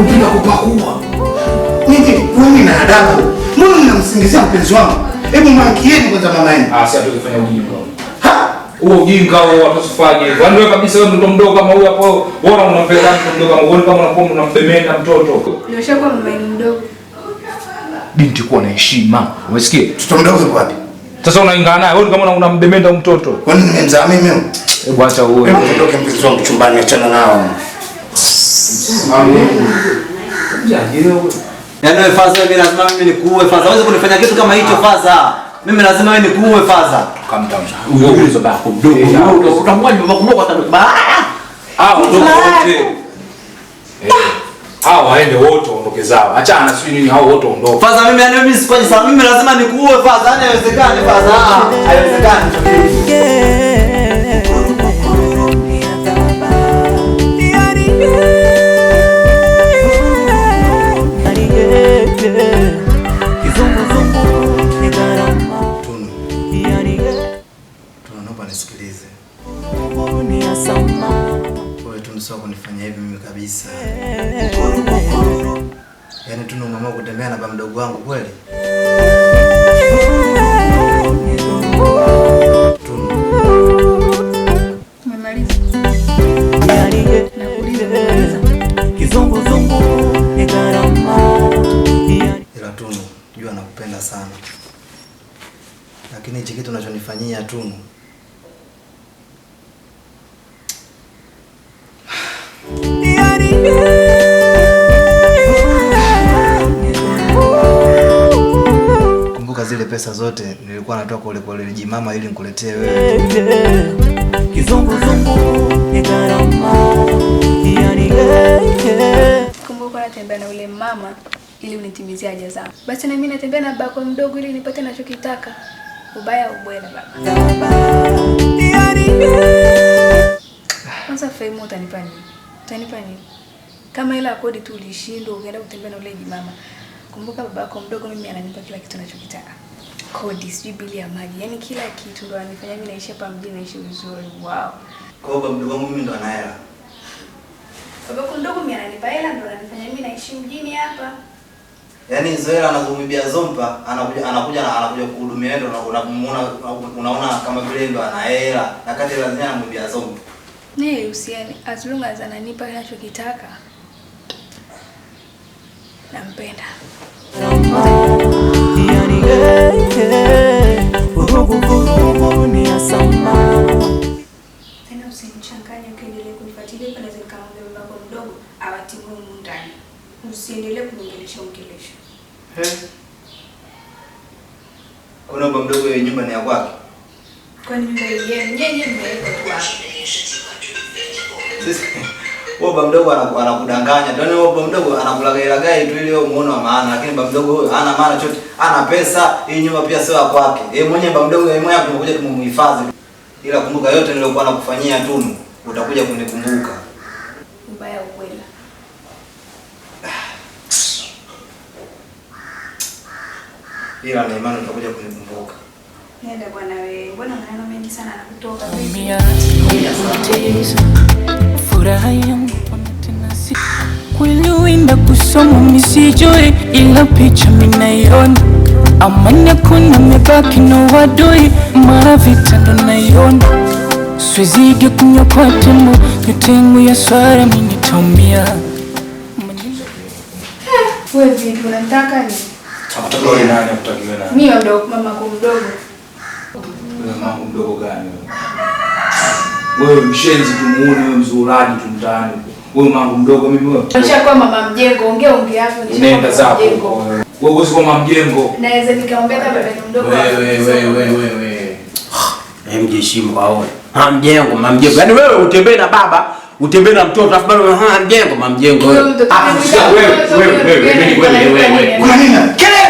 bila kupakua. Nini? Wewe na adabu. Mbona mnamsingizia mpenzi wangu? Hebu mwankieni kwanza mama yenu. Ah, si hatuwezi ujinga. Huo ujinga huo hatusifanye. Yaani wewe kabisa wewe mtoto mdogo kama huyo hapo, wewe unampenda mtoto mdogo kama wewe kama unakuwa unambemenda mtoto. Nimeshakuwa mama mdogo. Binti kuwa na heshima. Umesikia? Mtoto mdogo yuko wapi? Sasa unaingana naye. Wewe kama unambemenda mtoto. Kwani nimemzaa mimi? Hebu acha uone. Hebu toke mpenzi wangu chumbani, achana nao. Yaani faza mimi lazima mimi nikuue faza. Hawezi kunifanya kitu kama hicho faza. Mimi lazima wewe nikuue faza. Kamtamsha. Huyo huyo baba yako mdogo. Utamwaje baba yako mdogo atabeba. Ah, mdogo wote. Hao waende wote waondoke zao. Achana na sijui nini hao wote waondoke. Faza mimi yani mimi sifanyi sababu mimi lazima nikuue faza. Yaani haiwezekani faza. Haiwezekani. kabisa. Yaani tu nimeamua kutembea na baba mdogo wangu kweli. Ila Tunu, jua nakupenda sana, lakini hichi kitu unachonifanyia Tunu pesa zote nilikuwa natoa kule kule jimama ili nikuletee wewe. Kizunguzungu ni gharama, yani kumbuka natembea na ule mama ili unitimizie haja zangu. Basi na mimi natembea na bako mdogo ili nipate ninachokitaka. Ubaya ubwela baba. Kwanza fame utanipa nini? Utanipa nini? Kama ila kodi tu ulishindwa ukaenda kutembea na ule jimama. Kumbuka babako mdogo, mimi ananipa kila kitu anachokitaka kodi, sijui bili ya maji, yaani kila kitu ndo anifanya mimi naishi hapa mjini naishi vizuri. Wow. Kwa hiyo mdogo wangu mimi ndo ana hela. Baba mdogo mimi ananipa hela ndo ananifanya mimi naishi mjini hapa. Yaani Zoela anazungumbia Zompa, anakuja anakuja anakuja kuhudumia wewe, unamuona unaona kama vile ndo ana hela, na kati hela zenyewe anamwibia Zompa. Nee, usiani as long as ananipa ninachokitaka. Nampenda. Tena usinichanganye ukiendelea kunifuatilia pale babako mdogo awatibu humu ndani. Usiendelee ongelesha. Kuna baba mdogo yeye nyumba ni ya kwake. yeye wewe baba mdogo anakudanganya. Ndio wewe baba mdogo anakulagailagai tu ile muone wa maana, lakini baba mdogo huyo hana maana chote, ana pesa hii nyumba pia sio ya kwake. Yeye mwenye baba mdogo yeye mwenye tunakuja tumemhifadhi, ila kumbuka yote niliyokuwa nakufanyia tunu utakuja kunikumbuka. Mbaya ukweli. Ila na imani utakuja kunikumbuka. Nenda bwana wewe. Bwana maneno mengi sana nakutoka? furaha yangu kuliwinda kusoma misijui, ila picha minaiona amani hakuna, mebaki na wadui, mara vitendo naiona swizige kunywa kwa tembo mitengu ya swara minitomia mdogo gani? wewe mshenzi tumuone, wewe mzulaji tumtaani, wewe mangu mdogo mimi wewe. kwa mama mjengo, ongea ongea hapo nenda zako. Wewe kwa mama mjengo. Naweza nikaombea kama baba mdogo. Wewe wewe wewe wewe. Ah, hem jeshimo aone. mama mjengo, mama mjengo. Yaani wewe utembee na baba, utembee na mtoto afu bado mama ah, mjengo, mama mjengo wewe. Ah, wewe wewe wewe wewe wewe. Kuna nini? Kile.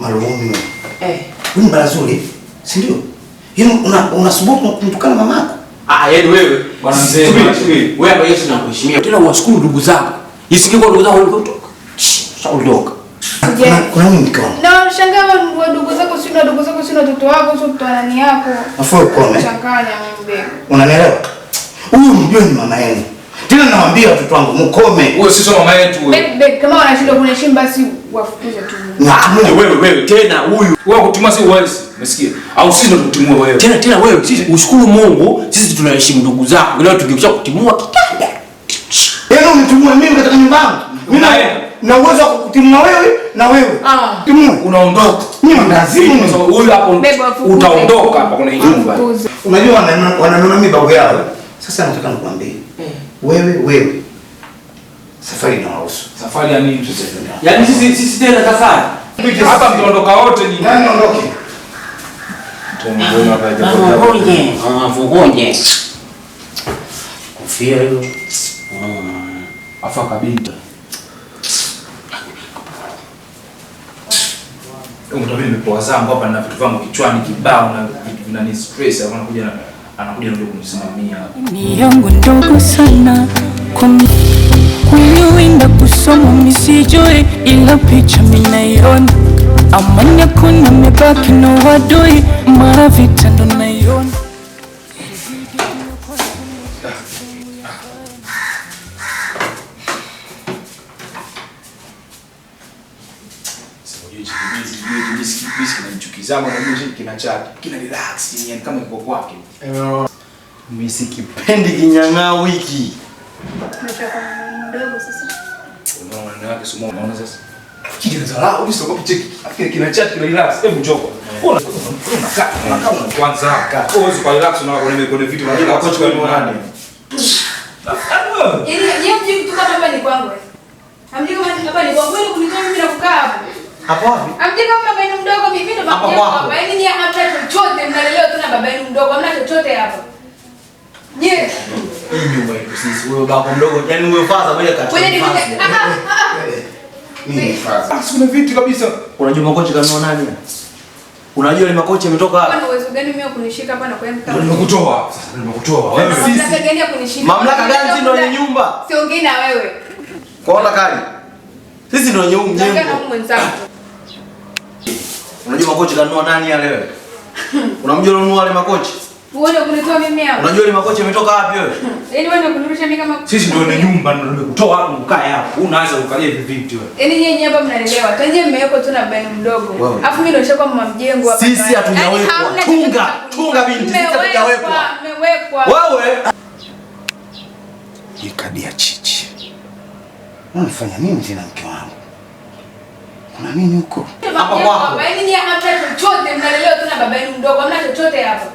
Malumu. Eh. Ni mbaya zuri. Si ndio? Yeye yaani unasubuku kumtukana mamako? Ah, ah, yaani wewe bwana mzee. wewe hapa Yesu anakuheshimia. Tena uwashukuru ndugu zako. Isikie kwa ndugu zako ulipotoka. Shaondoka. Kuna nini kwa? Na shangaa wa ndugu zako si na ndugu zako si na watoto wako si mtaani yako. Afu uko na Changanya mbe. Unanielewa? Huyu ni mama yenu. Tena nawaambia watoto wangu mkome. Wewe sio mama yetu. wewe. Bebe, kama wanashindwa kuheshimu basi wafukuze tu. Mtimue wewe wewe tena huyu. Wewe kutimua si uwezi. Umesikia? Au sisi ndo tutimue wewe. Tena tena wewe sisi ushukuru Mungu, sisi tunaheshimu ndugu zako. Leo tukikisha kutimua kitanda. Yeye yaani unitimue mimi katika nyumba yangu. Mimi na uwezo wa kutimua wewe na wewe. Ah. Timua. Unaondoka. Mimi lazima kwa sababu huyu hapo utaondoka hapa kuna nyumba. Unajua wananona mimi babu yao. Sasa nataka nikwambie. Eh. Wewe wewe Safari na inawahusu. Safari ya nini tu sasa? Yaani sisi sisi tena safari. Hapa mtaondoka wote nyinyi. Nani aondoke? Tumgoma kaja. Vugonje. Ah, vugonje. Kofia hiyo. Ah, afa kabinda. Mtu mimi poa zangu hapa na vitu vangu kichwani kibao na vitu vinani stress anakuja anakuja ndio kunisimamia. Miongo ndogo sana kwa Uliwinda kusoma misijui, ila picha minaiona. Amani hakuna, mebaki na wadui, mara vita ndo naiona. Mimi sikipendi kinyang'aa wiki mdogo sasa. Unaona nani wake sumo unaona sasa? Kile zala au sio kwa cheki. Akili kina chat kina relax. Hebu njoko. Unakaa unakaa kwanza haka. Uweze kwa relax na kuna kuna vitu vingine kwa kocha kwa nani? Yaani yeye mjingu tu kama ni kwangu. Hamjingu eh. kama ni kwangu kunitoa mimi na kukaa hapo. Hapo wapi? Hamjingu kama baba yenu mdogo mimi ndo baba yenu. Baba yenu ni hamna chochote mnalelewa tu na baba yenu mdogo. Hamna chochote hapa. Je, nyuma yetu sisi, huyo baba mdogo, yani huyo faza moja kati. Nini faza? Kuna vitu kabisa. Unajua makocha kanua nani? Unajua ni makocha yametoka hapa. Kuna uwezo gani mimi kunishika hapa na kuyamka? Yaani nimekutoa. Sasa nimekutoa. Wewe sisi. Mamlaka gani ya kunishika? Mamlaka gani ndio yenye nyumba? Siongei na wewe. Kwaona kali. Sisi ndio wenye mjengo. Ndio kama mwenzako. Unajua makocha kanua nani ya leo? Unamjua unanua wale makocha? Unajua ni makocha umetoka wapi wewe? Yaani wewe ndio kunirusha mimi kama Sisi ndio ni nyumba ndio nimekutoa hapo mkae hapo. Unaanza kukalia hivi vitu wewe. Yaani nyinyi hapa mnaelewa. Tanzania mmewekwa tu na bani mdogo. Alafu mimi ndio nishakuwa mama mjengo hapa. Sisi hatujawekwa. Yaani tunga, tunga binti. Sisi hatujawekwa. Mmewekwa. Wewe. ya chichi. Unafanya nini tena mke wangu? Kuna nini huko? Yaani hapa kwako. Yaani hapa chochote mnalelewa tu na baba yenu mdogo. Hamna chochote hapa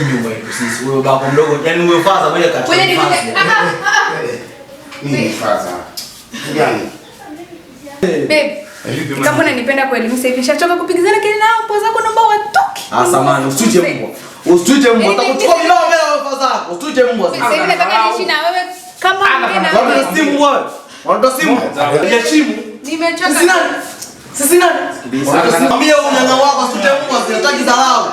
nyuma yetu sisi, huyo baba mdogo, yani huyo faza moja kati. Wewe ni mimi faza. Gani? Babe. Kama unanipenda kweli, mimi hivi nishachoka kupigizana kile nao poza zako naomba watoke. Ah, samani, usituje mbwa. Usituje mbwa, atakuchukua mimi nao mbele faza zako. Usituje mbwa. Sasa hivi nataka niishi na wewe kama unapenda. Wewe si mbwa wewe. Wanaenda simu. Heshimu. Nimechoka. Sisi nani? Sisi nani? Unasimamia wewe mnyang'ao wako, usituje mbwa, sihitaji dharau.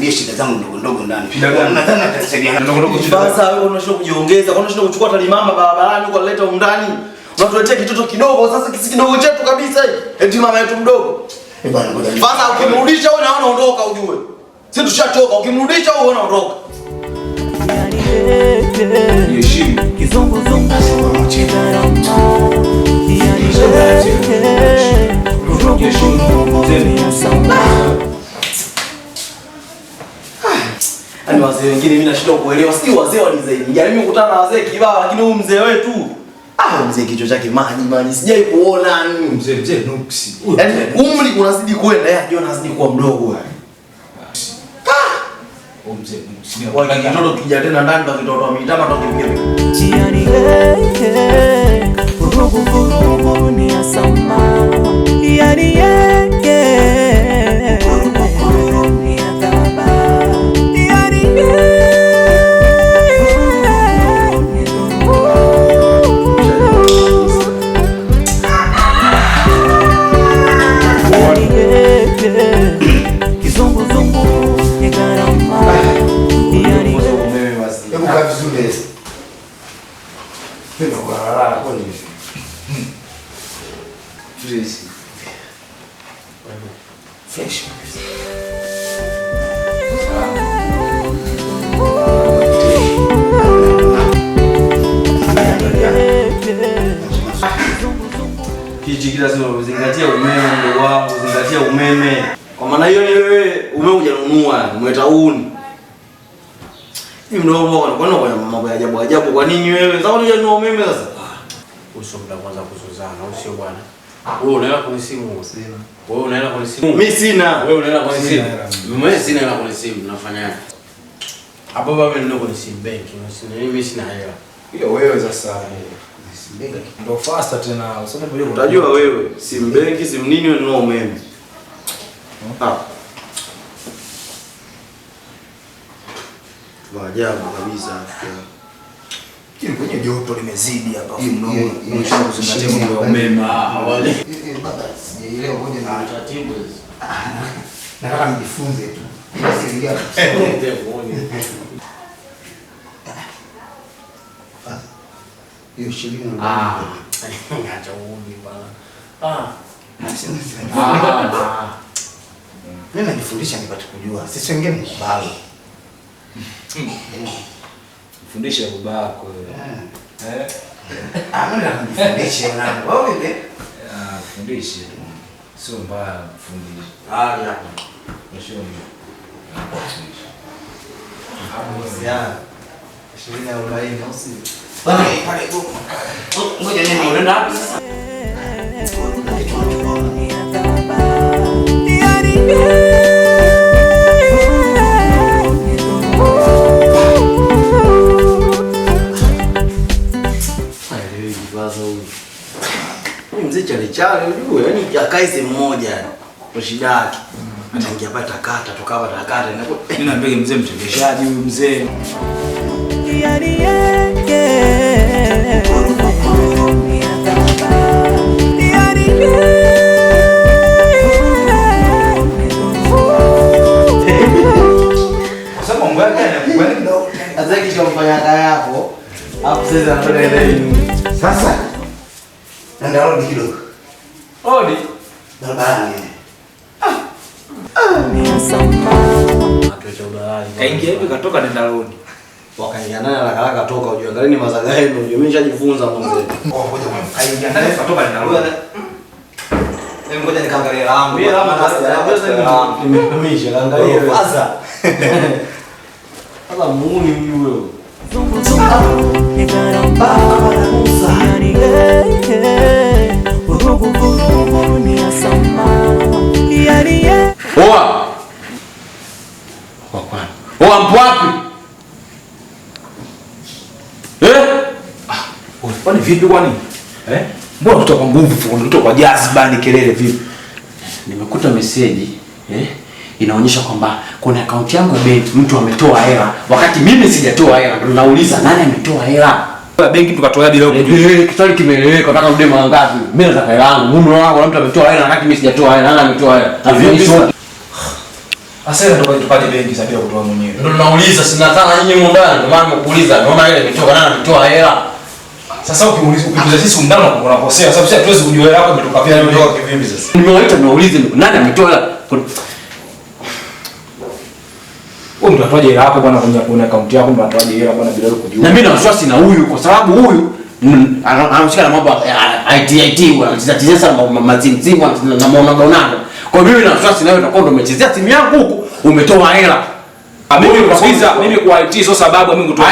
nisaidie shida zangu ndogo ndogo ndani. Nadhani atasaidia. Ndogo ndogo. Sasa wewe unashindwa kujiongeza, kwa unashindwa kuchukua talimama barabarani kwa kuleta huko ndani. Unatuletea kitoto kidogo sasa kisi kidogo chetu kabisa hiki. Eti mama yetu mdogo. Eh bwana ngoja. Sasa ukimrudisha wewe naona ondoka ujue. Sisi tushatoka, ukimrudisha wewe unaona ondoka. Yeshimu. Kizunguzungu. Yeshimu. Yaani wazee wengine mimi nashindwa kuelewa. Si wazee walizaidi. Yaani mimi kukutana na wazee kibao lakini huyu mzee wetu ah, mzee kichwa chake maji maji. Sijai kuona mzee mzee nuksi. Yaani umri unazidi kwenda, yeye ndio anazidi kuwa mdogo yani. Ah! ah! Mzee nuksi. Wala kitoto kija tena ndani kwa kitoto Pero guardará con isso Fresco. Fresco. nini wewe? Sasa unakuja kununua umeme sasa? Ah. Usio mda kwanza kuzozana, usio bwana. Wewe unaenda kwenye simu. Sina. Wewe unaenda kwenye simu. Mimi sina. Wewe unaenda kwenye simu. Mimi sina hela kwenye simu, nafanya nini? Hapo baba ndio kwenye simu benki, sina mimi sina hela. Hiyo wewe sasa. Ndio faster tena. Unajua wewe simu benki, simu nini wewe unao umeme? Ah. Waajabu kabisa. Kwenye joto limezidi hapa. Nataka nijifunze tu. Ah, ah. Mimi najifundisha nipate kujua. Sisi wengine mkubali. Hmm fundisha babako wewe. Eh. eh? Ah, mimi nakufundisha Wewe Ah, fundisha. Sio mbaya fundisha. Ah, ya. Ah, au si? Pale pale ngoja nini unaenda wapi sasa? mchawi unajua, yani yaani akae sehemu moja kwa shida yake. Mm. Ataingia hapa takata toka hapa takata, ndio naambia mzee, mtembeshaji huyu mzee. Yani Sasa nenda yaani rudi kidogo. Odi. Barabarani. Ah. Kaingia hivi katoka nenda rodi. Wakaingia naye haraka haraka toka ujue. Angalieni mazaga yenu, ujue mimi nishajifunza mwanzo. Oh, ngoja mwana. Kaingia naye katoka nenda rodi. ngoja nikaangalia langu. Mimi langu nasikia. Nimekumisha kaangalia oh, wewe. Sasa. Sasa muuni huyu wewe. Zungu zungu. Ni karamba. Musa. Oa mpo wapi? Eh? Ah, kwani vipi? Kwani eh? mbona unakuta kwa nguvu, unakuta kwa jazba, ni kelele vipi? Nimekuta meseji eh, inaonyesha kwamba kuna akaunti yangu ya benki mtu ametoa hela, wakati mimi sijatoa hela. Ndio nauliza nani ametoa hela? benki tukatoa bila kujua. Eh, Kitali kimeeleweka nataka ude mara ngapi? Mimi nataka hela yangu. Mume wangu na mtu ametoa hela nataka mimi sijatoa hela. Nani ametoa hela? Tafadhali. Asema ndo tupate benki sasa bila kutoa mwenyewe. Ndio tunauliza sina sana nyinyi muungana ndio maana nimekuuliza. Ndio ile imetoka nani ametoa hela. Sasa ukiuliza ukiuliza sisi muungana unakosea sababu sisi hatuwezi kujua hela yako imetoka vipi imetoka kivipi sasa. Nimewaita niwaulize nani ametoa hela. Wewe mtu atoaje hela yako bwana kwenye kwenye akaunti yako mtu hela bwana bila kujua. Na mimi na wasiwasi na huyu kwa sababu huyu anahusika na mambo IT IT anacheza cheza sana mazinzimu na maona gaonana. Kwa mimi na wasiwasi na wewe utakuwa ndio umechezea timu yangu huku umetoa hela. Mimi kusikiza mimi kwa IT sio sababu mimi kutoa.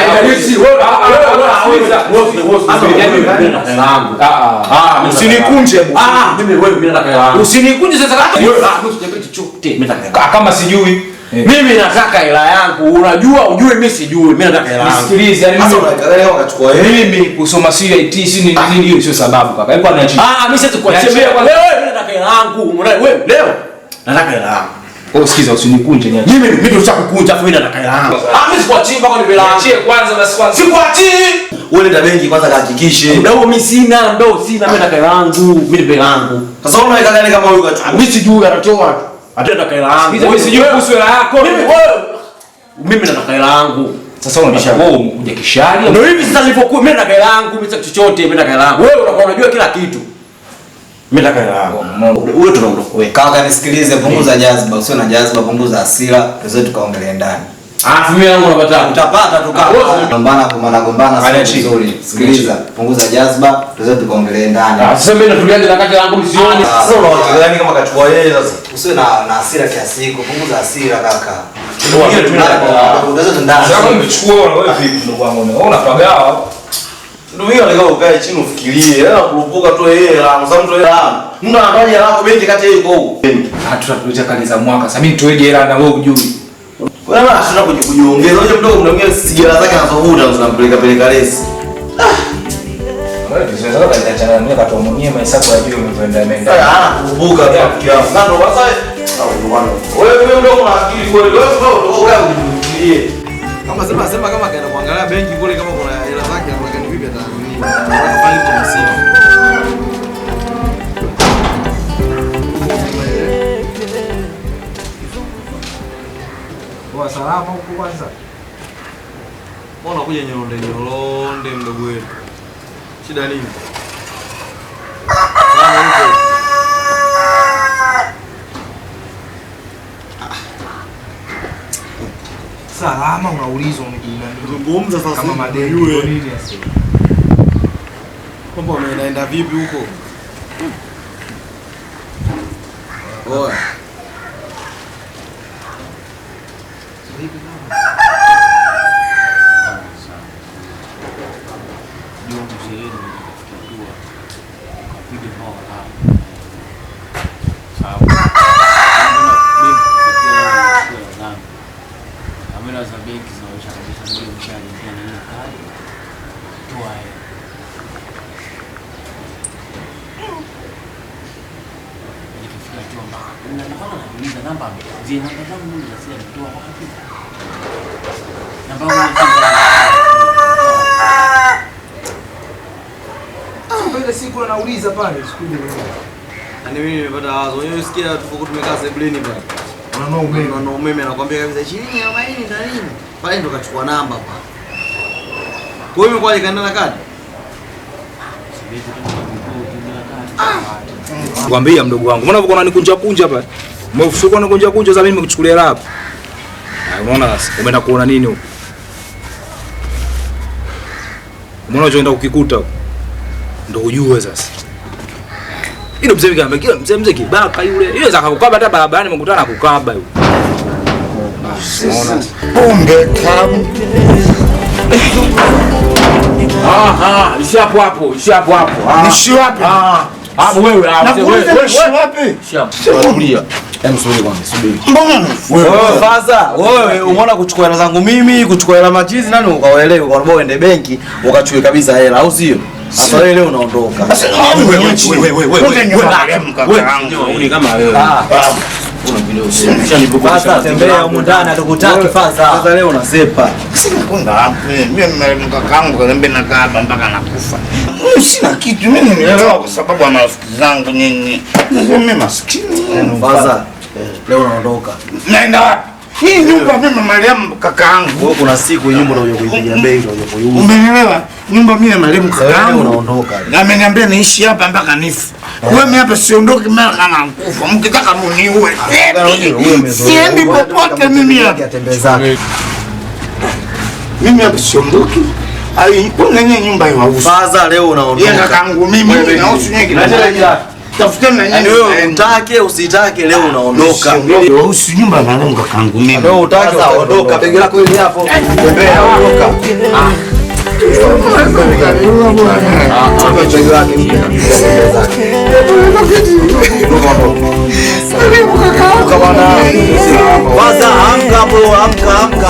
Usinikunje. Mimi wewe mimi nataka. Usinikunje sasa. Kama sijui Eh. Mimi nataka hela yangu. Unajua ujue mimi sijui. Mimi nataka hela yangu. Sikilize, yani mimi unachukua hela, Mimi kusoma CIT si ni nini hiyo sio sababu kaka. yuko anachia. Ah, ah, mimi sasa tukuachie wewe Wewe mimi nataka hela yangu. Wewe leo nataka hela yangu. Kwa oh, sikiza usinikunje nyanya. Mimi mimi ndio chakukunja afu mimi nataka hela yangu. Ah, mimi sikuachii mpaka nipe hela yangu. kwanza basi kwanza. Sikuachii. Wewe nenda benki kwanza kahakikishe. Ndio mimi sina, ndio sina mimi nataka hela yangu. Mimi nipe yangu. Sasa unaona kaka kama huyu kachukua. Ah, mimi sijui anatoa. Hata nataka hela yangu. Mimi sijui kuhusu hela yako. Mimi wewe. Mimi nataka hela yangu. Sasa unabisha wewe umekuja kishari. Ndio hivi sasa nilipokuwa mimi nataka hela yangu, mimi sitaki chochote, mimi nataka hela yangu. Wewe unakuwa unajua kila kitu. Mimi nataka hela yangu. Wewe tunaondoka. Wewe kaka nisikilize, punguza jazba, usio na jazba, punguza hasira, tuzoe tukaongelea ndani. Alafu ah, mimi yangu unapata. Utapata tukaa. Ah, gombana gombana gombana sio vizuri. Sikiliza, punguza jazba, tuzoe tukaongelea ndani. Ah, sasa mimi natumiaje na kaka yangu msioni. Sasa unaongelea kama kachukua yeye sasa usiwe na na hasira kiasi hiko, punguza hasira kaka. Unaweza tundana. Sasa umechukua wewe vipi ndugu wangu? Wewe unapagawa. Ndio hiyo leo ukae chini ufikirie. Hela kurupuka tu yeye hela, mzamu tu hela. Mna ndani ya yako benki kati yako huko. Ah, tutatuletea kali za mwaka. Sasa mimi nitoeje hela na wewe ujui. Wewe bana, tunakujikujiongeza. Wewe mdogo mnaongea sigara zake anazovuta unampeleka peleka lesi kama sema sema kama kaenda kuangalia benki kule, kama kuna hela zake vipi? Salama huko kwanza, mbona kuja nyoronde nyoronde mdogo wetu? Shida nini? Salama unaulizwa zungumza sasa. Kama madeni vipi huko? Oa. Sera za benki zinaonyesha kabisa mle mchaji pia ni kali toa hela. Nikifika Chomba, ninaona najiuliza namba je, namba zangu mimi nasema nitoa wapi? Namba yangu ile siku anauliza pale siku ile. Na yaani mimi nimepata wazo. Wewe usikia tuko tumekaa sebuleni pale wananua umeme, wananua umeme, anakuambia kabisa shilingi 40 ndio nini pale, ndo kachukua namba kwa. Kwa hiyo kwa ikaenda na kadi kwambia ah! mdogo wangu, mbona uko unanikunja kunja hapa? Umefika unanikunja kunja, za mimi nimekuchukulia raha hapa. Ah, unaona sasa, umeenda kuona nini huko? Mbona unachoenda kukikuta huko, Ndio ujue sasa. Yule mzee kama kile mzee mzee kibaka yule. Yule za kukaba hata barabarani mkutana kukaba yule. Pombe Aha, ishia hapo hapo, ishia hapo hapo. Ishia hapo. Ah. Hapo ah, ah, wewe hapo. Ah, wewe wapi? Ishia hapo. Kulia. Hem, Mbona? Wewe umeona kuchukua hela zangu mimi, kuchukua hela machizi nani ukaelewe, kwa sababu uende benki ukachukue kabisa hela au sio? Wewe leo unaondoka. Sasa wewe wewe wewe wewe wewe. Sasa tembea huko ndani Sina kitu mimi nielewa kwa sababu ya marafiki zangu nyinyi. Mimi maskini. Leo unaondoka. Naenda wapi? Hii nyumba mimi marehemu yangu. Wewe kuna siku nyumba ndio unakuja bei ndio unakuja. Umeelewa? Nyumba mimi marehemu yangu Unaondoka. Na ameniambia niishi hapa mpaka nifu. Eh. Wewe mimi hapa siondoki mara kama nkufa. Mkitaka muniue. Siendi popote mimi hapa. Mimi hapa siondoki. Ai, kuna nyumba ya wauza. Baza leo unaondoka. Yeye kaka yangu mimi nausu nyingi tafuteni na nyinyi. Yaani wewe utake usitake, leo unaondoka. Usi nyumba na lengo kangu mimi. Wewe utake uondoka, begi lako hili hapo. Tembea ah. ondoka. Ah. Amka amka amka.